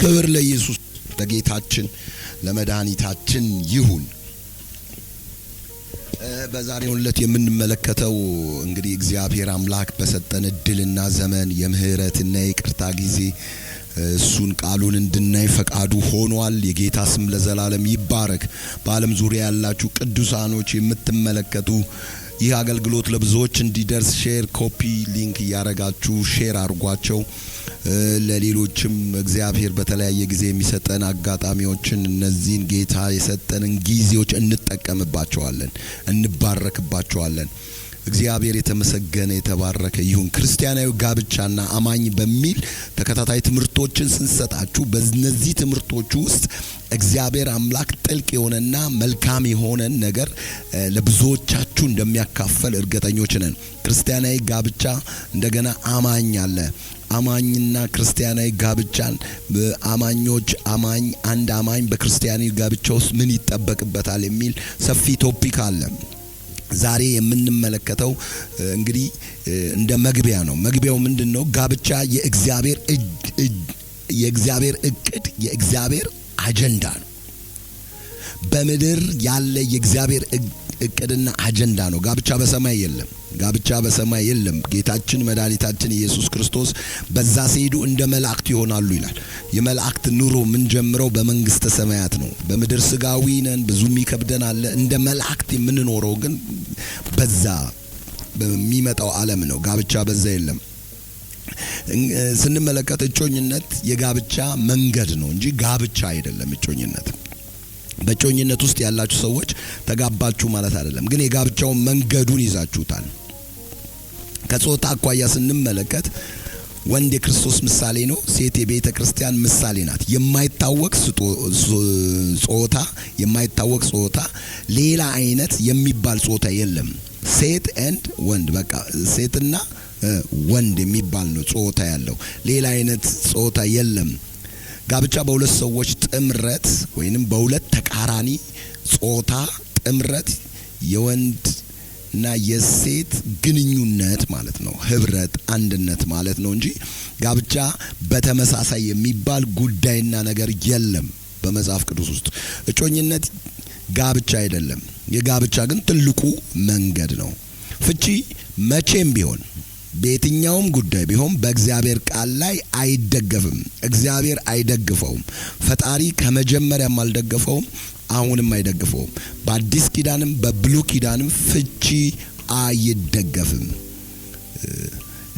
ክብር ለኢየሱስ ለጌታችን ለመድኃኒታችን ይሁን። በዛሬው ዕለት የምንመለከተው እንግዲህ እግዚአብሔር አምላክ በሰጠን እድልና ዘመን የምህረትና የቅርታ ጊዜ እሱን ቃሉን እንድናይ ፈቃዱ ሆኗል። የጌታ ስም ለዘላለም ይባረክ። በዓለም ዙሪያ ያላችሁ ቅዱሳኖች የምትመለከቱ ይህ አገልግሎት ለብዙዎች እንዲደርስ ሼር፣ ኮፒ ሊንክ እያረጋችሁ ሼር አድርጓቸው። ለሌሎችም እግዚአብሔር በተለያየ ጊዜ የሚሰጠን አጋጣሚዎችን እነዚህን ጌታ የሰጠንን ጊዜዎች እንጠቀምባቸዋለን፣ እንባረክባቸዋለን። እግዚአብሔር የተመሰገነ የተባረከ ይሁን። ክርስቲያናዊ ጋብቻና አማኝ በሚል ተከታታይ ትምህርቶችን ስንሰጣችሁ በነዚህ ትምህርቶች ውስጥ እግዚአብሔር አምላክ ጥልቅ የሆነና መልካም የሆነን ነገር ለብዙዎቻችሁ እንደሚያካፈል እርግጠኞች ነን። ክርስቲያናዊ ጋብቻ እንደገና አማኝ አለ አማኝና ክርስቲያናዊ ጋብቻን አማኞች አማኝ አንድ አማኝ በክርስቲያናዊ ጋብቻ ውስጥ ምን ይጠበቅበታል የሚል ሰፊ ቶፒክ አለ። ዛሬ የምንመለከተው እንግዲህ እንደ መግቢያ ነው። መግቢያው ምንድን ነው? ጋብቻ የእግዚአብሔር የእግዚአብሔር እቅድ የእግዚአብሔር አጀንዳ በምድር ያለ የእግዚአብሔር እቅድና አጀንዳ ነው። ጋብቻ በሰማይ የለም። ጋብቻ በሰማይ የለም። ጌታችን መድኃኒታችን ኢየሱስ ክርስቶስ በዛ ሲሄዱ እንደ መላእክት ይሆናሉ ይላል። የመላእክት ኑሮ የምንጀምረው በመንግስተ ሰማያት ነው። በምድር ስጋዊ ነን፣ ብዙ የሚከብደን አለ። እንደ መላእክት የምንኖረው ግን በዛ በሚመጣው ዓለም ነው። ጋብቻ በዛ የለም። ስንመለከት እጮኝነት የጋብቻ መንገድ ነው እንጂ ጋብቻ አይደለም እጮኝነት በጮኝነት ውስጥ ያላችሁ ሰዎች ተጋባችሁ ማለት አይደለም፣ ግን የጋብቻውን መንገዱን ይዛችሁታል። ከጾታ አኳያ ስንመለከት ወንድ የክርስቶስ ምሳሌ ነው፣ ሴት የቤተ ክርስቲያን ምሳሌ ናት። የማይታወቅ ጾታ የማይታወቅ ጾታ ሌላ አይነት የሚባል ጾታ የለም። ሴት ኤንድ ወንድ በቃ ሴትና ወንድ የሚባል ነው ጾታ ያለው ሌላ አይነት ጾታ የለም። ጋብቻ በሁለት ሰዎች ጥምረት ወይንም በሁለት ተቃራኒ ጾታ ጥምረት የወንድ እና የሴት ግንኙነት ማለት ነው። ህብረት አንድነት ማለት ነው እንጂ ጋብቻ በተመሳሳይ የሚባል ጉዳይና ነገር የለም በመጽሐፍ ቅዱስ ውስጥ። እጮኝነት ጋብቻ አይደለም። የጋብቻ ግን ትልቁ መንገድ ነው። ፍቺ መቼም ቢሆን በየትኛውም ጉዳይ ቢሆን በእግዚአብሔር ቃል ላይ አይደገፍም። እግዚአብሔር አይደግፈውም። ፈጣሪ ከመጀመሪያም አልደገፈውም፣ አሁንም አይደግፈውም። በአዲስ ኪዳንም በብሉ ኪዳንም ፍቺ አይደገፍም።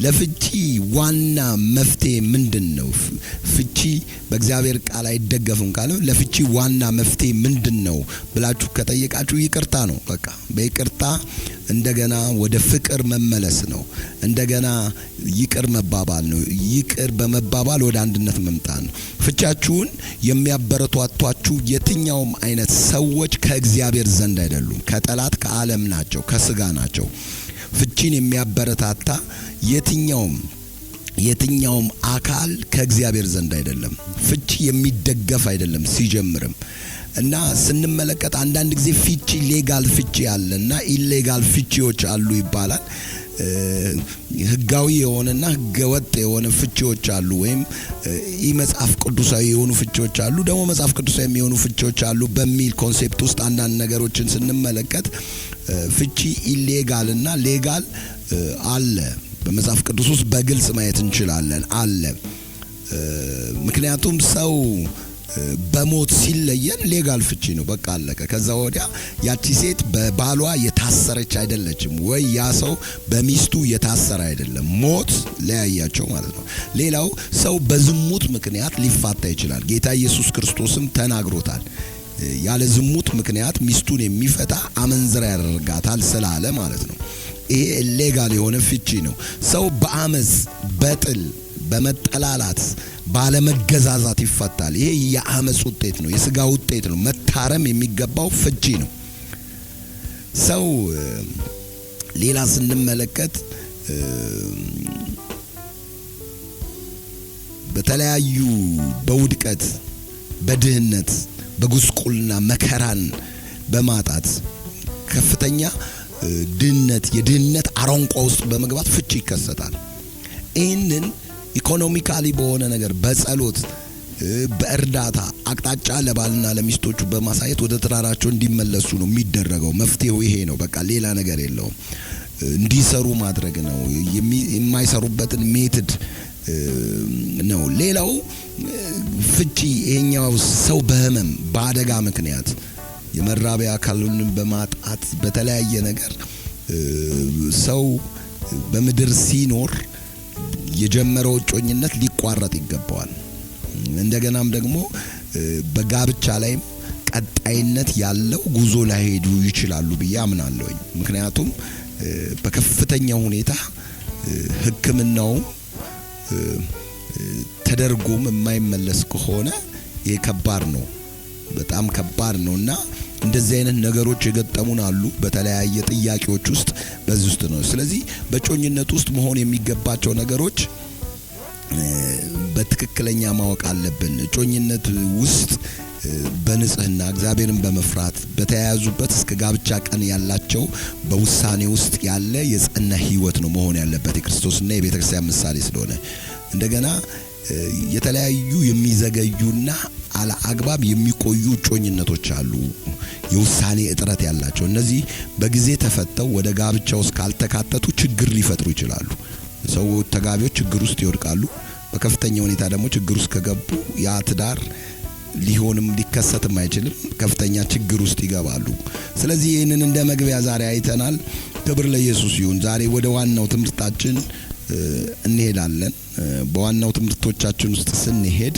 ለፍቺ ዋና መፍትሄ ምንድን ነው? ፍቺ በእግዚአብሔር ቃል አይደገፍም ካለ ለፍቺ ዋና መፍትሄ ምንድን ነው ብላችሁ ከጠየቃችሁ ይቅርታ ነው። በቃ በይቅርታ እንደገና ወደ ፍቅር መመለስ ነው። እንደገና ይቅር መባባል ነው። ይቅር በመባባል ወደ አንድነት መምጣት ነው። ፍቻችሁን የሚያበረቷቷችሁ የትኛውም አይነት ሰዎች ከእግዚአብሔር ዘንድ አይደሉም። ከጠላት ከዓለም ናቸው፣ ከስጋ ናቸው። ፍቺን የሚያበረታታ የትኛውም የትኛውም አካል ከእግዚአብሔር ዘንድ አይደለም። ፍቺ የሚደገፍ አይደለም ሲጀምርም እና ስንመለከት አንዳንድ ጊዜ ፍቺ ሌጋል ፍቺ አለ እና ኢሌጋል ፍቺዎች አሉ ይባላል። ህጋዊ የሆነና ህገወጥ የሆነ ፍቺዎች አሉ፣ ወይም ይህ መጽሐፍ ቅዱሳዊ የሆኑ ፍቺዎች አሉ፣ ደግሞ መጽሐፍ ቅዱሳዊ የሚሆኑ ፍቺዎች አሉ በሚል ኮንሴፕት ውስጥ አንዳንድ ነገሮችን ስንመለከት ፍቺ ኢሌጋል እና ሌጋል አለ። በመጽሐፍ ቅዱስ ውስጥ በግልጽ ማየት እንችላለን አለ። ምክንያቱም ሰው በሞት ሲለየን ሌጋል ፍቺ ነው። በቃ አለቀ። ከዛ ወዲያ ያቺ ሴት በባሏ የታሰረች አይደለችም፣ ወይ ያ ሰው በሚስቱ የታሰረ አይደለም። ሞት ለያያቸው ማለት ነው። ሌላው ሰው በዝሙት ምክንያት ሊፋታ ይችላል። ጌታ ኢየሱስ ክርስቶስም ተናግሮታል። ያለ ዝሙት ምክንያት ሚስቱን የሚፈታ አመንዝራ ያደርጋታል ስላለ ማለት ነው። ይሄ ሌጋል የሆነ ፍቺ ነው። ሰው በአመፅ በጥል በመጠላላት ባለመገዛዛት ይፈታል። ይሄ የአመፅ ውጤት ነው፣ የስጋ ውጤት ነው። መታረም የሚገባው ፍቺ ነው። ሰው ሌላ ስንመለከት በተለያዩ በውድቀት በድህነት በጉስቁልና መከራን በማጣት ከፍተኛ ድህነት የድህነት አረንቋ ውስጥ በመግባት ፍቺ ይከሰታል። ይህንን ኢኮኖሚካሊ በሆነ ነገር በጸሎት በእርዳታ አቅጣጫ ለባልና ለሚስቶቹ በማሳየት ወደ ትዳራቸው እንዲመለሱ ነው የሚደረገው። መፍትሄው ይሄ ነው። በቃ ሌላ ነገር የለውም። እንዲሰሩ ማድረግ ነው። የማይሰሩበትን ሜትድ ነው። ሌላው ፍቺ፣ ይሄኛው ሰው በህመም በአደጋ ምክንያት የመራቢያ አካሉን በማጣት በተለያየ ነገር ሰው በምድር ሲኖር የጀመረው እጮኝነት ሊቋረጥ ይገባዋል። እንደገናም ደግሞ በጋብቻ ላይም ቀጣይነት ያለው ጉዞ ላይሄዱ ይችላሉ ብዬ አምናለሁኝ። ምክንያቱም በከፍተኛ ሁኔታ ሕክምናውም ተደርጎም የማይመለስ ከሆነ ይህ ከባድ ነው፣ በጣም ከባድ ነው እና እንደዚህ አይነት ነገሮች የገጠሙን አሉ በተለያየ ጥያቄዎች ውስጥ በዚህ ውስጥ ነው። ስለዚህ በጮኝነት ውስጥ መሆን የሚገባቸው ነገሮች በትክክለኛ ማወቅ አለብን። እጮኝነት ውስጥ በንጽህና እግዚአብሔርን በመፍራት በተያያዙበት እስከ ጋብቻ ቀን ያላቸው በውሳኔ ውስጥ ያለ የጸና ህይወት ነው መሆን ያለበት የክርስቶስና የቤተክርስቲያን ምሳሌ ስለሆነ እንደገና የተለያዩ የሚዘገዩና አለአግባብ የሚቆዩ እጮኝነቶች አሉ። የውሳኔ እጥረት ያላቸው እነዚህ በጊዜ ተፈተው ወደ ጋብቻ ውስጥ ካልተካተቱ ችግር ሊፈጥሩ ይችላሉ። ሰው ተጋቢዎች ችግር ውስጥ ይወድቃሉ። በከፍተኛ ሁኔታ ደግሞ ችግር ውስጥ ከገቡ ያ ትዳር ሊሆንም ሊከሰትም አይችልም። ከፍተኛ ችግር ውስጥ ይገባሉ። ስለዚህ ይህንን እንደ መግቢያ ዛሬ አይተናል። ክብር ለኢየሱስ ይሁን። ዛሬ ወደ ዋናው ትምህርታችን እንሄዳለን። በዋናው ትምህርቶቻችን ውስጥ ስንሄድ